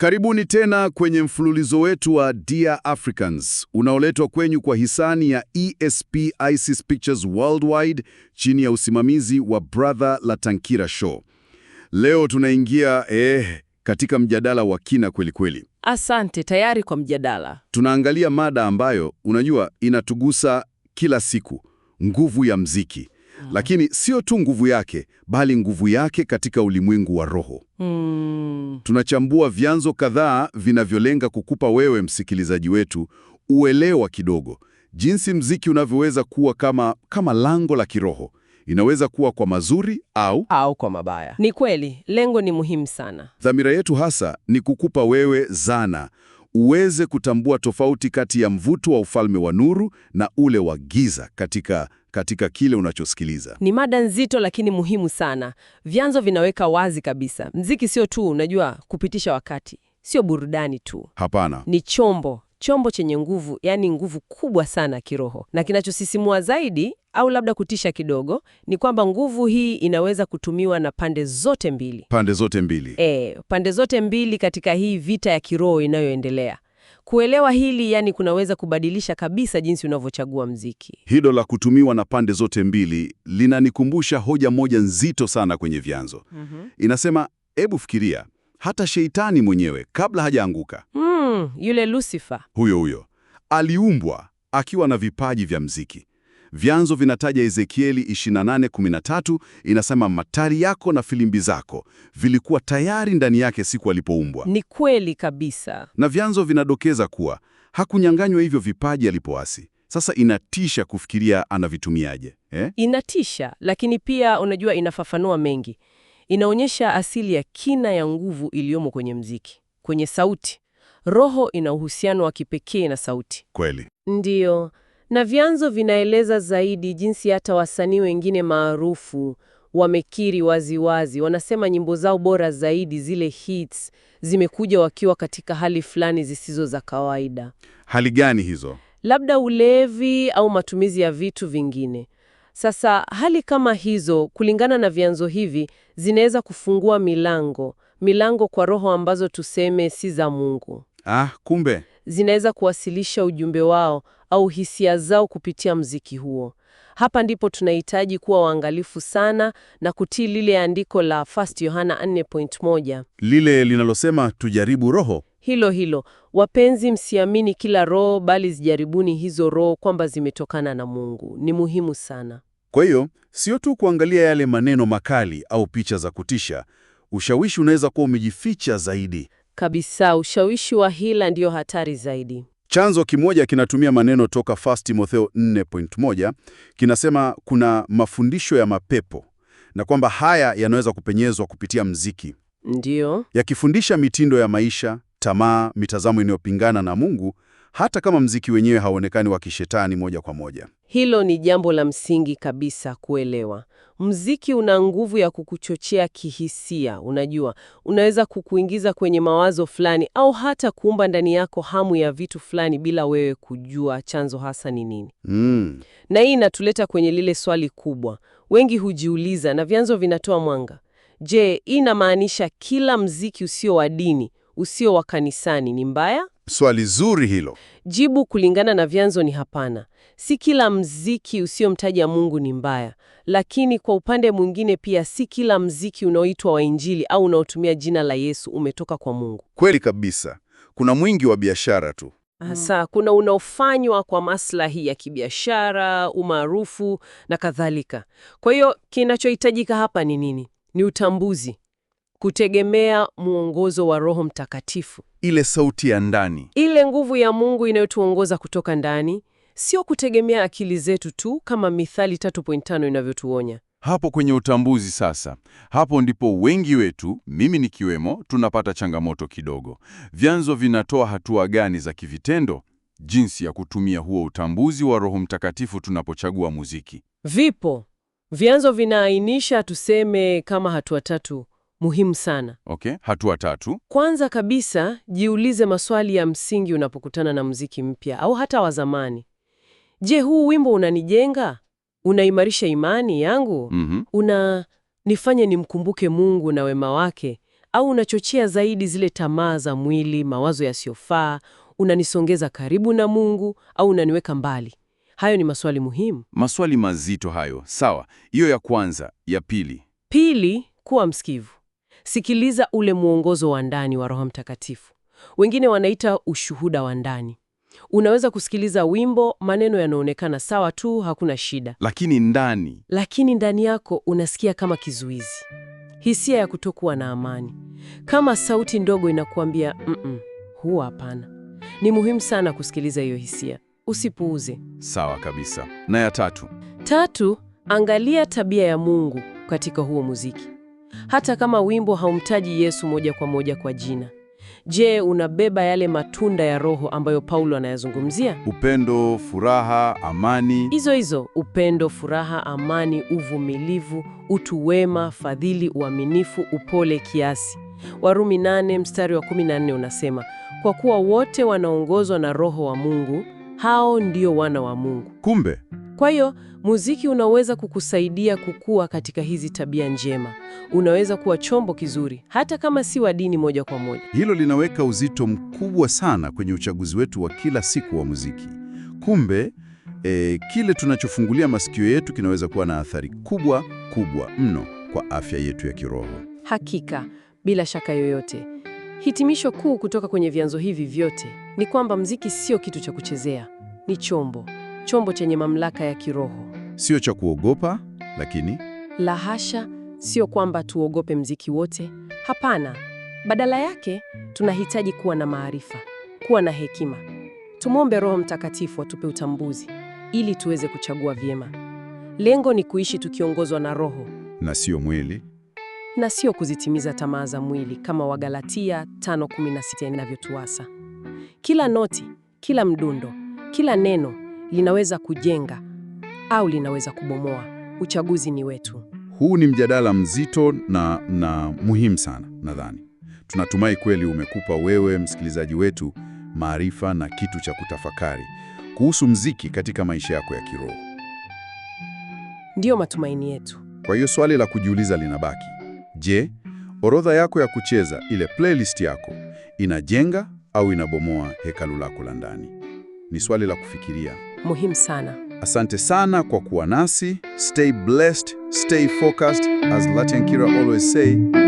Karibuni tena kwenye mfululizo wetu wa Dear Africans unaoletwa kwenyu kwa hisani ya ESP ISIS Pictures Worldwide chini ya usimamizi wa Brother Latankira Show. Leo tunaingia eh, katika mjadala wa kina kweli kweli. Asante, tayari kwa mjadala. Tunaangalia mada ambayo unajua inatugusa kila siku, nguvu ya mziki. Mm. Lakini sio tu nguvu yake, bali nguvu yake katika ulimwengu wa roho Hmm. Tunachambua vyanzo kadhaa vinavyolenga kukupa wewe msikilizaji wetu uelewa kidogo jinsi mziki unavyoweza kuwa kama, kama lango la kiroho. Inaweza kuwa kwa mazuri au au kwa mabaya. Ni kweli, lengo ni muhimu sana. Dhamira yetu hasa ni kukupa wewe zana uweze kutambua tofauti kati ya mvuto wa ufalme wa nuru na ule wa giza katika katika kile unachosikiliza. Ni mada nzito lakini muhimu sana. Vyanzo vinaweka wazi kabisa, mziki sio tu, unajua, kupitisha wakati, sio burudani tu. Hapana, ni chombo chombo chenye nguvu, yani nguvu kubwa sana kiroho. Na kinachosisimua zaidi, au labda kutisha kidogo, ni kwamba nguvu hii inaweza kutumiwa na pande zote mbili. Pande zote mbili, e, pande zote mbili katika hii vita ya kiroho inayoendelea. Kuelewa hili yani kunaweza kubadilisha kabisa jinsi unavyochagua mziki. Hilo la kutumiwa na pande zote mbili linanikumbusha hoja moja nzito sana kwenye vyanzo. Mm -hmm. Inasema, hebu fikiria hata sheitani mwenyewe kabla hajaanguka. Mm, yule Lucifer. Huyo huyo. Aliumbwa akiwa na vipaji vya mziki Vyanzo vinataja Ezekieli 28:13 inasema, matari yako na filimbi zako vilikuwa tayari ndani yake siku alipoumbwa. Ni kweli kabisa. Na vyanzo vinadokeza kuwa hakunyang'anywa hivyo vipaji alipoasi. Sasa inatisha kufikiria anavitumiaje eh? Inatisha, lakini pia unajua, inafafanua mengi. Inaonyesha asili ya kina ya nguvu iliyomo kwenye mziki, kwenye sauti. Roho ina uhusiano wa kipekee na sauti. Kweli ndiyo. Na vyanzo vinaeleza zaidi jinsi hata wasanii wengine maarufu wamekiri waziwazi, wanasema nyimbo zao bora zaidi, zile hits, zimekuja wakiwa katika hali fulani zisizo za kawaida. Hali gani hizo? Labda ulevi au matumizi ya vitu vingine. Sasa hali kama hizo, kulingana na vyanzo hivi, zinaweza kufungua milango milango kwa roho ambazo tuseme si za Mungu. Ah, kumbe zinaweza kuwasilisha ujumbe wao au hisia zao kupitia mziki huo. Hapa ndipo tunahitaji kuwa waangalifu sana na kutii lile andiko la 1 Yohana 4.1 lile linalosema tujaribu roho. Hilo hilo, wapenzi, msiamini kila roho, bali zijaribuni hizo roho kwamba zimetokana na Mungu. Ni muhimu sana. Kwa hiyo sio tu kuangalia yale maneno makali au picha za kutisha, ushawishi unaweza kuwa umejificha zaidi kabisa. Ushawishi wa hila ndiyo hatari zaidi. Chanzo kimoja kinatumia maneno toka 1 Timotheo 4.1 kinasema kuna mafundisho ya mapepo na kwamba haya yanaweza kupenyezwa kupitia mziki, ndiyo, yakifundisha mitindo ya maisha, tamaa, mitazamo inayopingana na Mungu, hata kama mziki wenyewe hauonekani wa kishetani moja kwa moja. Hilo ni jambo la msingi kabisa kuelewa. Mziki una nguvu ya kukuchochea kihisia, unajua, unaweza kukuingiza kwenye mawazo fulani au hata kuumba ndani yako hamu ya vitu fulani bila wewe kujua chanzo hasa ni nini. Mm. Na hii inatuleta kwenye lile swali kubwa wengi hujiuliza na vyanzo vinatoa mwanga. Je, hii inamaanisha kila mziki usio wa dini, usio wa kanisani ni mbaya? Swali zuri hilo. Jibu kulingana na vyanzo ni hapana. Si kila mziki usiomtaja Mungu ni mbaya, lakini kwa upande mwingine pia si kila mziki unaoitwa wa Injili au unaotumia jina la Yesu umetoka kwa Mungu. Kweli kabisa, kuna mwingi wa biashara tu hasa, kuna unaofanywa kwa maslahi ya kibiashara, umaarufu na kadhalika. Kwa hiyo kinachohitajika hapa ni nini? Ni utambuzi, kutegemea mwongozo wa Roho Mtakatifu, ile sauti ya ndani, ile nguvu ya Mungu inayotuongoza kutoka ndani sio kutegemea akili zetu tu kama Mithali 3.5 inavyotuonya. Hapo kwenye utambuzi sasa, hapo ndipo wengi wetu, mimi nikiwemo, tunapata changamoto kidogo. Vyanzo vinatoa hatua gani za kivitendo, jinsi ya kutumia huo utambuzi wa Roho Mtakatifu tunapochagua muziki? Vipo vyanzo vinaainisha, tuseme kama hatua tatu muhimu sana. Okay, hatua tatu. Kwanza kabisa, jiulize maswali ya msingi unapokutana na muziki mpya au hata wa zamani. Je, huu wimbo unanijenga? Unaimarisha imani yangu? mm -hmm. Una nifanye nimkumbuke Mungu na wema wake, au unachochea zaidi zile tamaa za mwili, mawazo yasiyofaa? Unanisongeza karibu na Mungu au unaniweka mbali? Hayo ni maswali muhimu, maswali mazito hayo. Sawa, hiyo ya kwanza. Ya pili, pili kuwa msikivu. Sikiliza ule mwongozo wa ndani wa Roho Mtakatifu. Wengine wanaita ushuhuda wa ndani. Unaweza kusikiliza wimbo, maneno yanaonekana sawa tu, hakuna shida, lakini ndani lakini ndani yako unasikia kama kizuizi, hisia ya kutokuwa na amani, kama sauti ndogo inakuambia mm -mm, huwa hapana. Ni muhimu sana kusikiliza hiyo hisia, usipuuze. Sawa kabisa. Na ya tatu tatu, angalia tabia ya Mungu katika huo muziki, hata kama wimbo haumtaji Yesu moja kwa moja kwa jina Je, unabeba yale matunda ya Roho ambayo Paulo anayazungumzia? Upendo, furaha, amani. Hizo hizo: upendo, furaha, amani, uvumilivu, utu wema, fadhili, uaminifu, upole, kiasi. Warumi 8 mstari wa 14 unasema, kwa kuwa wote wanaongozwa na Roho wa Mungu, hao ndio wana wa Mungu. Kumbe kwa hiyo muziki unaweza kukusaidia kukua katika hizi tabia njema, unaweza kuwa chombo kizuri, hata kama si wa dini moja kwa moja. Hilo linaweka uzito mkubwa sana kwenye uchaguzi wetu wa kila siku wa muziki. Kumbe e, kile tunachofungulia masikio yetu kinaweza kuwa na athari kubwa kubwa mno kwa afya yetu ya kiroho. Hakika, bila shaka yoyote. Hitimisho kuu kutoka kwenye vyanzo hivi vyote ni kwamba muziki sio kitu cha kuchezea, ni chombo chombo chenye mamlaka ya kiroho, sio cha kuogopa. Lakini la hasha, sio kwamba tuogope mziki wote. Hapana, badala yake tunahitaji kuwa na maarifa, kuwa na hekima. Tumwombe Roho Mtakatifu atupe utambuzi ili tuweze kuchagua vyema. Lengo ni kuishi tukiongozwa na Roho na sio mwili, na sio kuzitimiza tamaa za mwili kama Wagalatia 5:16 inavyotuasa. Kila noti, kila mdundo, kila neno linaweza kujenga au linaweza kubomoa. Uchaguzi ni wetu. Huu ni mjadala mzito na, na muhimu sana nadhani. Tunatumai kweli umekupa wewe msikilizaji wetu maarifa na kitu cha kutafakari kuhusu mziki katika maisha yako ya kiroho. Ndiyo matumaini yetu. Kwa hiyo swali la kujiuliza linabaki. Je, orodha yako ya kucheza ile playlist yako inajenga au inabomoa hekalu lako la ndani? Ni swali la kufikiria muhimu sana. Asante sana kwa kuwa nasi. Stay blessed, stay focused, as Kira always say.